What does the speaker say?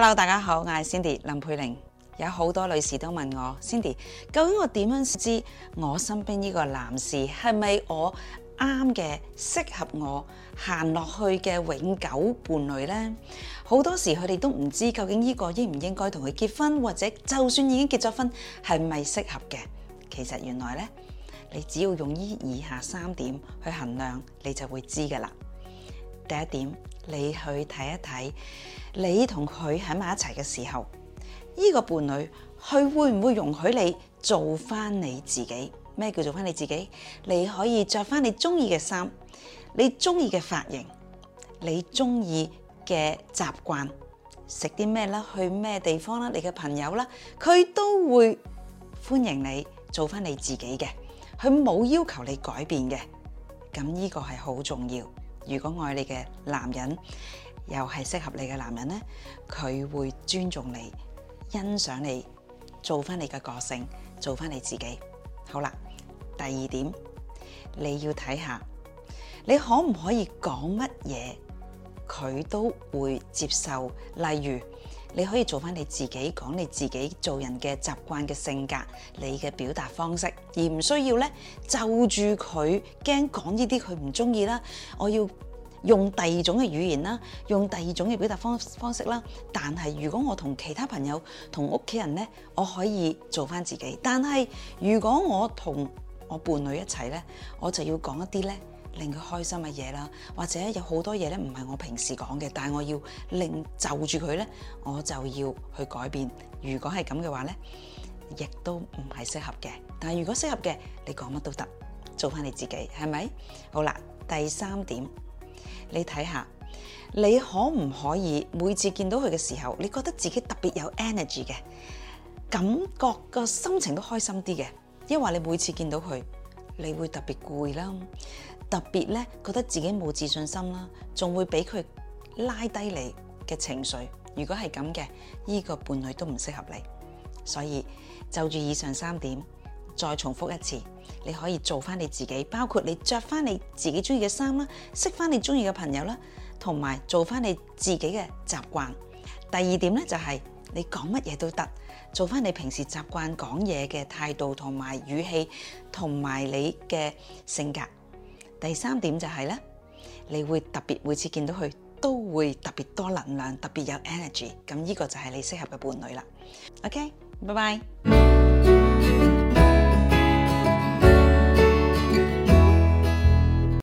Hello，大家好，我係 Cindy 林佩玲。有好多女士都問我，Cindy，究竟我點樣知我身邊呢個男士係咪我啱嘅、適合我行落去嘅永久伴侶呢？好多時佢哋都唔知究竟呢個應唔應該同佢結婚，或者就算已經結咗婚，係咪適合嘅？其實原來呢，你只要用於以下三點去衡量，你就會知噶啦。第一點，你去睇一睇，你同佢喺埋一齊嘅時候，呢個伴侶，佢會唔會容許你做翻你自己？咩叫做翻你自己？你可以着翻你中意嘅衫，你中意嘅髮型，你中意嘅習慣，食啲咩啦，去咩地方啦，你嘅朋友啦，佢都會歡迎你做翻你自己嘅，佢冇要求你改變嘅，咁呢個係好重要。如果愛你嘅男人，又係適合你嘅男人呢，佢會尊重你、欣賞你，做翻你嘅個性，做翻你自己。好啦，第二點，你要睇下，你可唔可以講乜嘢，佢都會接受，例如。你可以做翻你自己，講你自己做人嘅習慣嘅性格，你嘅表達方式，而唔需要咧就住佢驚講呢啲佢唔中意啦。我要用第二種嘅語言啦，用第二種嘅表達方方式啦。但係如果我同其他朋友、同屋企人咧，我可以做翻自己。但係如果我同我伴侶一齊咧，我就要講一啲咧，令佢開心嘅嘢啦，或者有好多嘢咧，唔係我平時講嘅，但係我要令就住佢咧，我就要去改變。如果係咁嘅話咧，亦都唔係適合嘅。但係如果適合嘅，你講乜都得，做翻你自己，係咪？好啦，第三點，你睇下，你可唔可以每次見到佢嘅時候，你覺得自己特別有 energy 嘅，感覺個心情都開心啲嘅，因為你每次見到佢，你會特別攰啦。特別咧，覺得自己冇自信心啦，仲會俾佢拉低你嘅情緒。如果係咁嘅，呢個伴侶都唔適合你。所以就住以上三點，再重複一次，你可以做翻你自己，包括你着翻你自己中意嘅衫啦，識翻你中意嘅朋友啦，同埋做翻你自己嘅習慣。第二點咧，就係你講乜嘢都得，做翻你平時習慣講嘢嘅態度同埋語氣，同埋你嘅性格。第三點就係咧，你會特別每次見到佢都會特別多能量，特別有 energy。咁呢個就係你適合嘅伴侶啦。OK，拜拜。